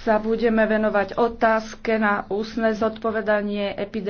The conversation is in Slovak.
sa budeme venovať otázke na ústne zodpovedanie epidémie